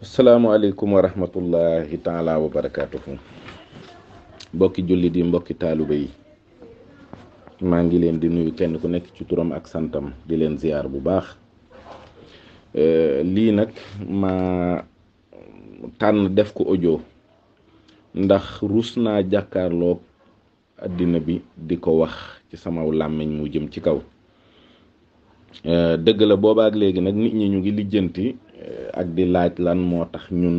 asalaamualeykum wa rahmatullahi taala wa barakaatuhu mbokki jullit yi mbokki taaliba yi maa ngi leen di nuyu kenn ku nekk ci turam ak santam di leen ziyaar bu baax euh, lii nag ma tànn def ko audio ndax ruus naa jàkkaarlook àddina bi di ko wax ci sama làmmiñ mu jëm ci kaw euh, dëgg la boobaak léegi nag nit ñi ñu ngi lijjanti Euh, ak di laaj lan moo tax ñun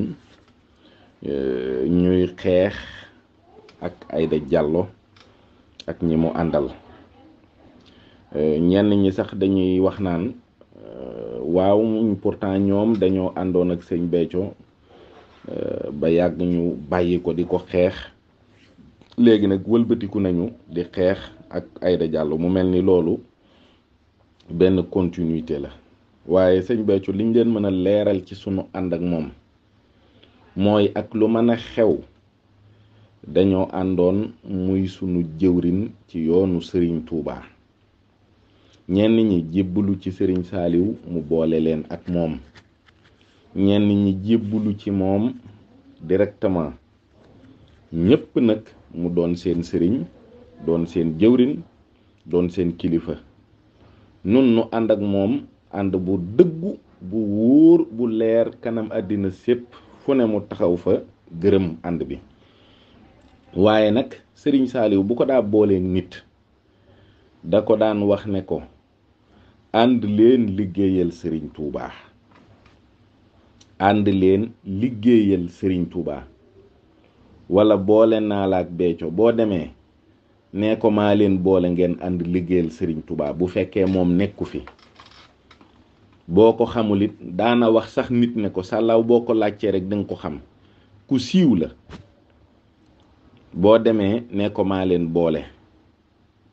euh, ñuy xeex ak ayda Diallo ak ñi mu àndal euh, ñenn ñi sax dañuy wax naan waaw pourtant ñoom dañoo àndoon ak sëñ Béthio ba yàgg ñu bàyyi ko di ko xeex léegi nag wëlbatiku nañu di xeex ak Aida Diallo mu mel ni loolu benn continuité la waaye sëñ Béthio liñ leen mën a leeral ci sunu ànd ak moom mooy ak lu mën a xew dañoo àndoon muy sunu jëwrin ci yoonu sëriñ Touba ñenn ñi jébbalu ci sëriñ Saaliw mu boole leen ak moom ñenn ñi jébbalu ci moom directement ñépp nag mu doon seen sëriñ doon seen jëwrin doon seen kilifa nun nu ànd ak moom ànd bu dëggu bu wóor bu leer kanam àddina sépp fu ne mu taxaw fa gërëm ànd bi waaye nag sëriñ saaliw bu ko daa boolee nit da ko daan wax ne ko ànd leen liggéeyal sëriñ tuubaa ànd leen liggéeyal sëriñ tuubaa wala boole naa la ak beeco boo demee nee ko maa leen boole ngeen ànd liggéeyal sëriñ tuubaa bu fekkee moom nekku fi boo ko xamul it daana wax sax nit ne ko sàllaaw boo ko laajtee rek danga ko xam ku siiw la boo demee ne ko maa leen boole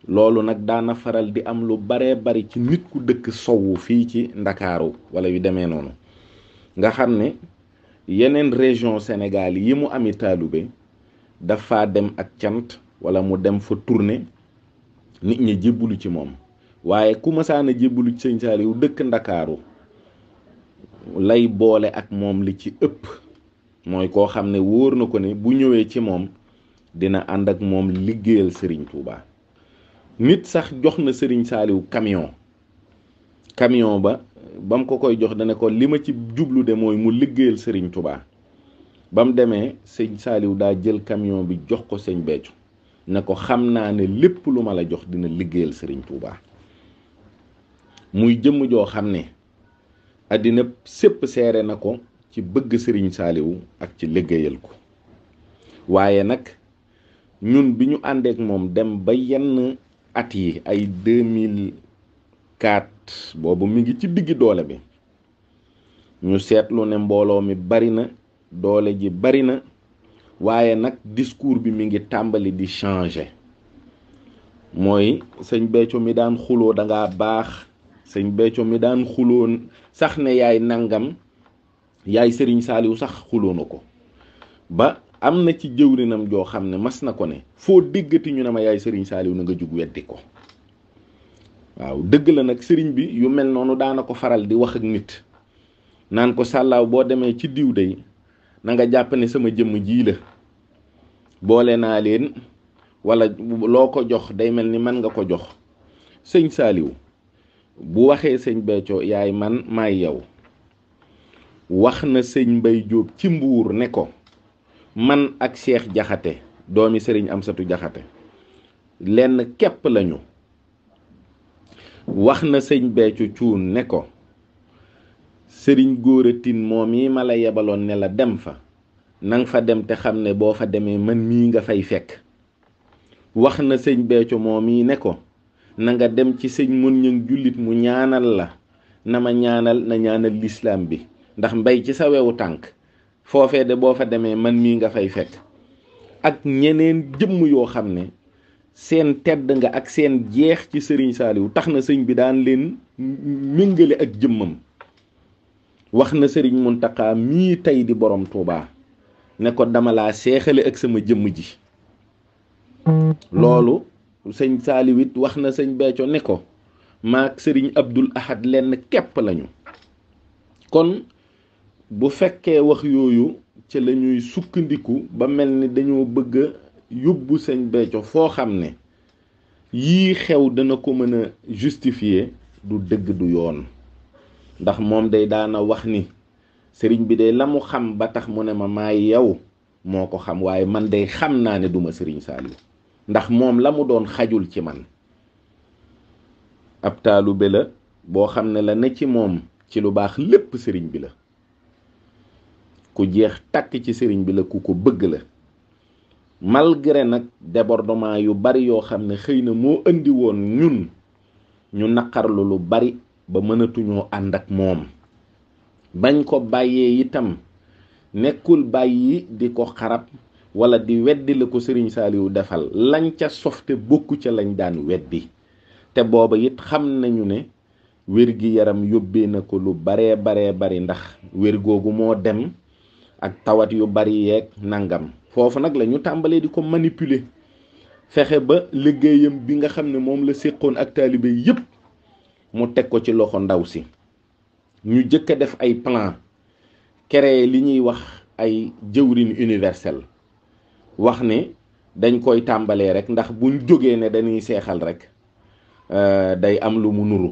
loolu nag daana faral di am lu baree bari ci nit ku dëkk sowu fii ci ndakaaru wala yu demee noonu nga xam ne yeneen région Sénégal yi mu ami taalube dafa dem ak cant walla mu dem fa tournée nit ñi jébbalu ci moom waaye ku masaana jébbalu ci sëñ Saaliw dëkk ndakaaru lay boole ak moom li ci ëpp mooy koo xam ne wóor na ko ne bu ñëwee ci moom dina ànd ak moom liggéeyal sëriñ Touba nit sax jox na sëriñ Saaliw camion camion ba bam ko koy jox dana ko li ma ci jublu de mooy mu liggéeyal sëriñ Touba ba mu demee sëñ Saaliw daa jël kamiyon bi jox ko sëñ Béthio ne ko xam naa ne lépp lu ma la jox dina liggéeyal sëriñ Touba muy jëmm joo xam ne àddina sépp seere na ko ci bëgg sëriñ saaliwu ak ci liggéeyal ko waaye nag ñun bi ñu àndeek moom dem ba yenn at yi ay kaat boobu mi ngi ci digg doole bi ñu seetlu ne mbooloo mi bari na doole ji bari na waaye nag diskuur bi mi ngi tàmbali di changer mooy sëñ Béthio mi daan xuloo danga baax sëñ Béthio mi daan xuloon sax ne yaay nangam yaay sëriñ saaliwu sax na ko ba am na ci jëwrinam joo xam ne mas na ko ne foo déggati ñu ne ma yaay sëriñ saaliwu na nga jug weddi ko waaw dëgg la nag sëriñ bi yu mel noonu daana ko faral di wax ak nit naan ko sàllaaw boo demee ci diw day na nga jàpp ne sama jëmm jii la boole naa leen wala loo ko jox day mel ni man nga ko jox sëñ saaliw bu waxee sëñ Béthio yaay man maay yow wax na sëñ Mbay Jóob ci mbuur ne ko man ak seex Jaxate doomi sëriñ Amsatu Jaxate lenn képp lañu wax na sëñ Béthio cuun ne ko sëriñ góoratin moom yi ma la yebaloon ne la dem fa nang fa dem te xam ne boo fa demee man mii nga fay fekk wax na sëñ Béthio moom yi ko na dem ci sëñ mën ñëng jullit mu ñaanal la na ma ñaanal na ñaanal lislaam bi ndax mbay ci sa wewu tànk foofee de boo fa demee man mii nga fay fekk ak ñeneen jëmm yoo xam ne seen tedd nga ak seen jeex ci sëriñ saaliwu tax na sëñ bi daan leen méngale ak jëmmam wax na sëriñ Muntaqa mii tey di boroom Tuubaa ne ko dama la seexale ak sama jëmm ji loolu sëñ Saaliw it wax na sëñ Béthio ne ko maak sëriñ Abdul Ahad lenn képp lañu kon bu fekkee wax yooyu ci la ñuy sukkandiku ba mel ni dañoo bëgg yóbbu sëñ Béthio foo xam ne yii xew dana ko mën a justifier du dëgg du yoon ndax moom day daana wax ni sëriñ bi de la mu xam ba tax mu ne ma maay yow moo ko xam waaye man day xam naa ne duma sëriñ Saaliw ndax moom la mu doon xajul ci man ab taalube la boo xam ne la ne ci moom ci lu baax lépp sëriñ bi la ku jeex takk ci sëriñ bi la ku ko bëgg la malgré nag debordement yu bari yoo xam ne xëy na moo indi woon ñun ñu naqarlu lu bari ba mënatuñoo ànd ak moom bañ ko bàyyee itam nekkul bàyyi di ko xarab wala di weddi la ko sëriñ Saaliwu defal lañ ca softe bokk ca lañ daan bi te booba it xam nañu ne wér gi yaram yóbbee na ko lu baree bare bari ndax wér googu moo dem ak tawat yu bari yeeg nangam foofu nag la ñu tàmbalee di ko manipuler fexe ba liggéeyam bi nga xam ne moom la séqoon ak taalibe yépp mu teg ko ci loxo ndaw si ñu jëkk a def ay plan kere li ñuy wax ay jëwrin universel wax ne dañ koy tàmbalee rek ndax buñ jógee ne dañuy seexal rek euh, day am lu mu nuru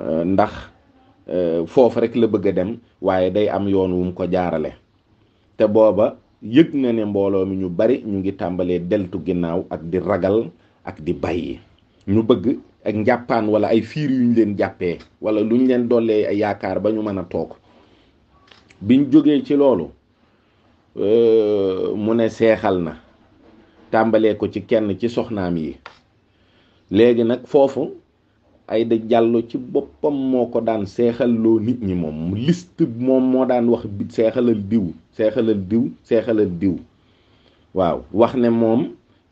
euh, ndax euh, foofu rek la bëgg a dem waaye day am yoon wum ko jaarale te booba yëg na ne mbooloo mi ñu bari ñu ngi tàmbalee deltu ginnaaw ak di ragal ak di bàyyi ñu bëgg ak njàppaan wala ay fiir yu ñu leen jàppee wala lu ñu leen dollee ay yaakaar ba ñu mën a toog biñ jógee ci loolu mu ne seexal na tàmbalee ko ci kenn ci soxnaam yi léegi nag foofu ayda jàlloo ci boppam moo ko daan seexal loo nit ñi moom liste moom moo daan wax bi seexalal diw seexalal diw seexalal diw waaw wax ne moom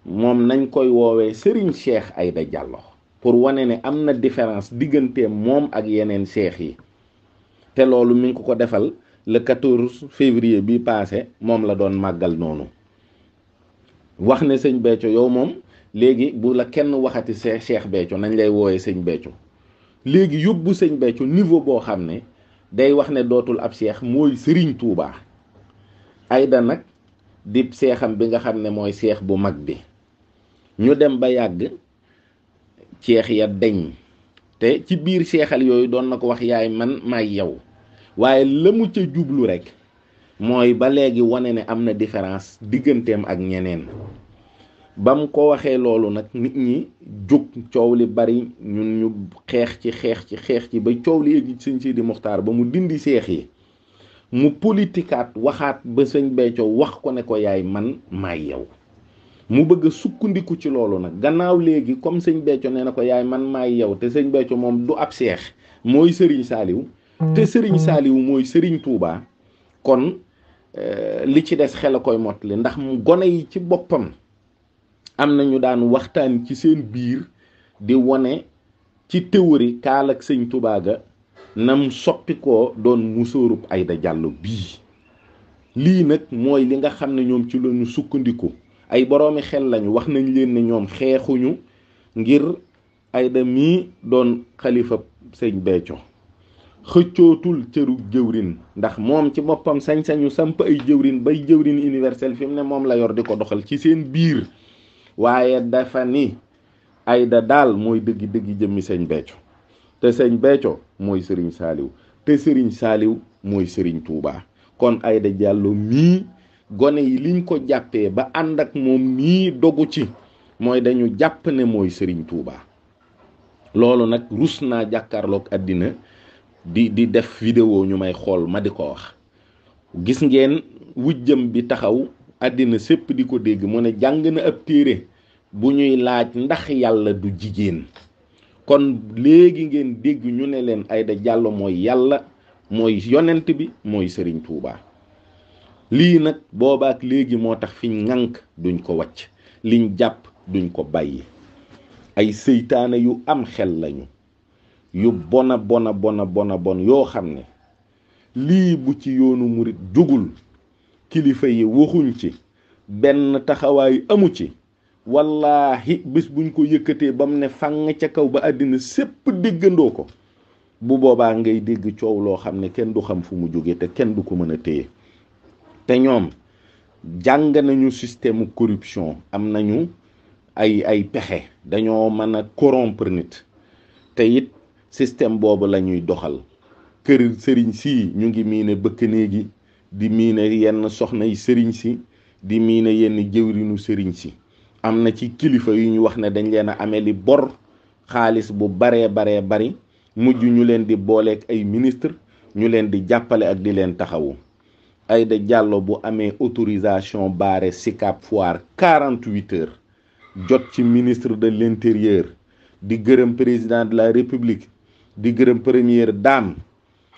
moom nañ koy woowee Serigne Cheikh Aïda jàlloo pour wane ne am na différence digganteem moom ak yeneen seex yi te loolu mi ngi ko ko defal le 14 février bi passé moom la doon màggal noonu wax ne sëñ Béthio yow moom léegi bu la kenn waxati see Cheikh Béthio nañ lay wooyee sëñ Béthio léegi yóbbu sëñ Béthio niveau boo xam ne day wax ne dootul ab seex mooy sëriñ Touba ayda nag di seexam bi nga xam ne mooy seex bu mag bi ñu dem ba yàgg ceex ya deñ te ci biir seexal yooyu doon na ko wax yaay man may yow waaye la mu ca jublu rek mooy ba léegi wane ne am na différence digganteem ak ñeneen ba mu ko waxee loolu nag nit ñi jóg coow li bari ñun ñu xeex ci xeex ci xeex ci ba coow li yëg sëñ di Muxtaar ba mu dindi seex yi mu politikaat waxaat ba sëñ Béthio wax ko ne ko yaay man maay yow mu bëgg sukkandiku ci loolu nag gannaaw léegi comme sëñ Béthio nee na ko yaay man maay yow te sëñ Béthio moom du ab seex mooy sëriñ saaliw te sëriñ Saliou mooy sëriñ Touba kon euh, li ci des xel a koy mottali ndax mu gone yi ci boppam am na ñu daan waxtaan ci seen biir di wone ci théorie kaal sëñ Touba ga nam soppi koo doon musóorub ayda Diallo bii lii nag mooy li nga xam ne ñoom ci lañu sukkandiku ay boroomi xel lañu wax nañ leen ne ñoom xeexuñu ngir Aïda mii doon xalifa sëñ Béthio xëccootul cëru jëwrin ndax moom ci boppam sañ-sañu samp ay jëwrin bay jëwrin universel fi mu ne moom la yor di ko doxal ci seen biir waaye dafa ni ayda daal mooy dëgg dëgg jëmmi sëñ Béthio te sëñ Béthio mooy sëriñ saaliw te sëriñ saaliw mooy sëriñ tuuba kon ayda jàlloo mii gone yi liñ ko jàppee ba ànd ak moom mii dogu ci mooy dañu jàpp ne mooy sëriñ tuuba loolu nag rus naa jàkkarlook àddina di di def vidéo ñu may xool ma di ko wax gis ngeen wujjam bi taxaw àddina sépp di ko dégg mu ne jàng na ab téere bu ñuy laaj ndax yàlla du jigéen kon léegi ngeen dégg ñu ne leen Aida Diallo mooy yàlla mooy yonent bi mooy sëriñ Touba lii nag boobaak léegi moo tax fiñ ŋànk duñ ko wacc liñ jàpp duñ ko bàyyi ay seytaane yu am xel lañu yu bona bona bona bona bon yoo xam ne lii bu ci yoonu murit jógul kilifa yi waxuñ ci benn taxawaay amu ci wallaahi bis buñ ko yëkkatee ba mu ne fang ca kaw ba àddina sépp déggandoo ko bu boobaa ngay dégg coow loo xam ne kenn du xam fu mu jóge te kenn du ko mën a téye te ñoom jàng nañu sisteemu corruption am nañu ay ay pexe dañoo mën a corrompre nit te système boobu la ñuy doxal kër sëriñ si ñu ngi miine bëkk néegi di miine yenn soxna yi sëriñ si di miine yenn jëwriñu sëriñ si am na ci kilifa yu ñu wax ne dañ leen a amee li bor xaalis bu baree baree bari mujj ñu leen di booleeg ay ministre ñu leen di jàppale ak di leen taxawu ayda jàlloo bu amee autorisation baare Sicap Foire 48 heures jot ci ministre de l'intérieur di gërëm président de la république di gërëm première daam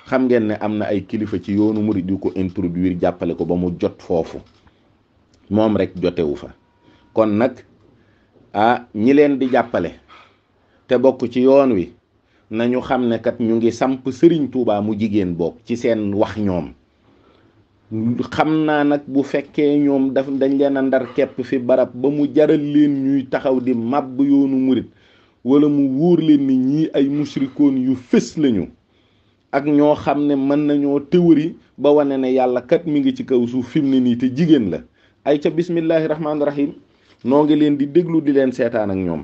xam ngeen ne am na ay kilifa ci yoonu murid yu ko introduire jàppale ko ba mu jot foofu moom rek jotewu fa kon nag ah ñi leen di jàppale te bokk ci yoon wi nañu xam ne kat ñu ngi samp sëriñ Touba mu jigéen bokk ci seen wax ñoom xam naa nag bu fekkee ñoom daf dañ leen a ndar kepp fi barab ba mu jaral leen ñuy taxaw di màbb yoonu murit wala mu wóor leen ni ñii ay musrikoon yu fés lañu ak ñoo xam ne mën nañoo théorie ba wane ne yàlla kat mi ngi ci kaw suuf fi mu ne nii te jigéen la ay ca bismillahi rahmaani rahim noo ngi leen di déglu di leen seetaan ak ñoom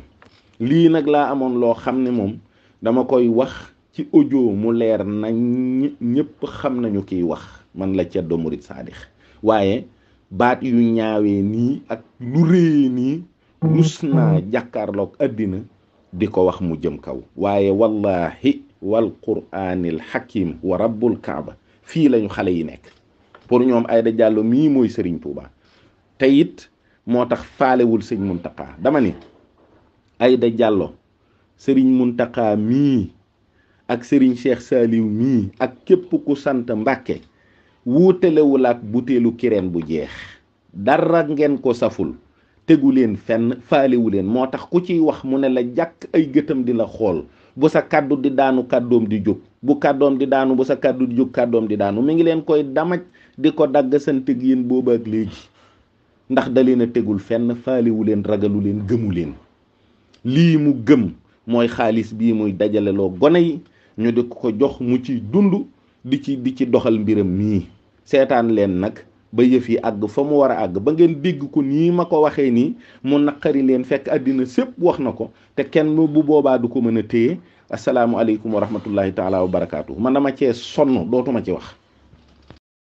lii nag laa amoon loo xam ne moom dama koy wax ci audio mu leer nañ ñëpp xam nañu kiy wax man la Ceddo Murid Saadix waaye baat yu ñaawee nii ak lu réyee nii rus naa jàkkaarloog àddina di ko wax mu jëm kaw waaye wallahi wal quraanil hakim wa rabbul kaaba fii lañu xale yi nekk pour ñoom Aida Diallo mii mooy sëriñ Touba te it moo tax faalewul sëñ Mountakha dama ni Aida Diallo Serigne Mountakha mii ak sëriñ Cheikh Saliou mii ak képp ku sant Mbàkke wuutelewul ak butéelu kireen bu jeex dara ngeen ko saful tegu leen fenn faalewu leen moo tax ku ciy wax mu ne la jàkk ay gëtam di la xool bu sa kàddu di daanu kàddoom di jóg bu kàddoom di daanu bu sa kàddu di jóg kàddoom di daanu mi ngi leen koy damaj di ko dagg santeg yéen booba ak léegi ndax da leen tegul fenn faalewu leen ragalu leen gëmu leen lii mu gëm mooy xaalis bii muy dajaleloo gone yi ñu di ko jox mu ci dund di ci di ci doxal mbiram mii seetaan leen nag ba yëf yi àgg fa mu war a àgg ba ngeen dégg ko nii ma ko waxee nii mu naqari leen fekk àddina sépp wax na ko te kenn bu boobaa du ko mën a téye asalaamualeykum wa rahmatullahi taala wa barakaatu man dama cee sonn ma ci wax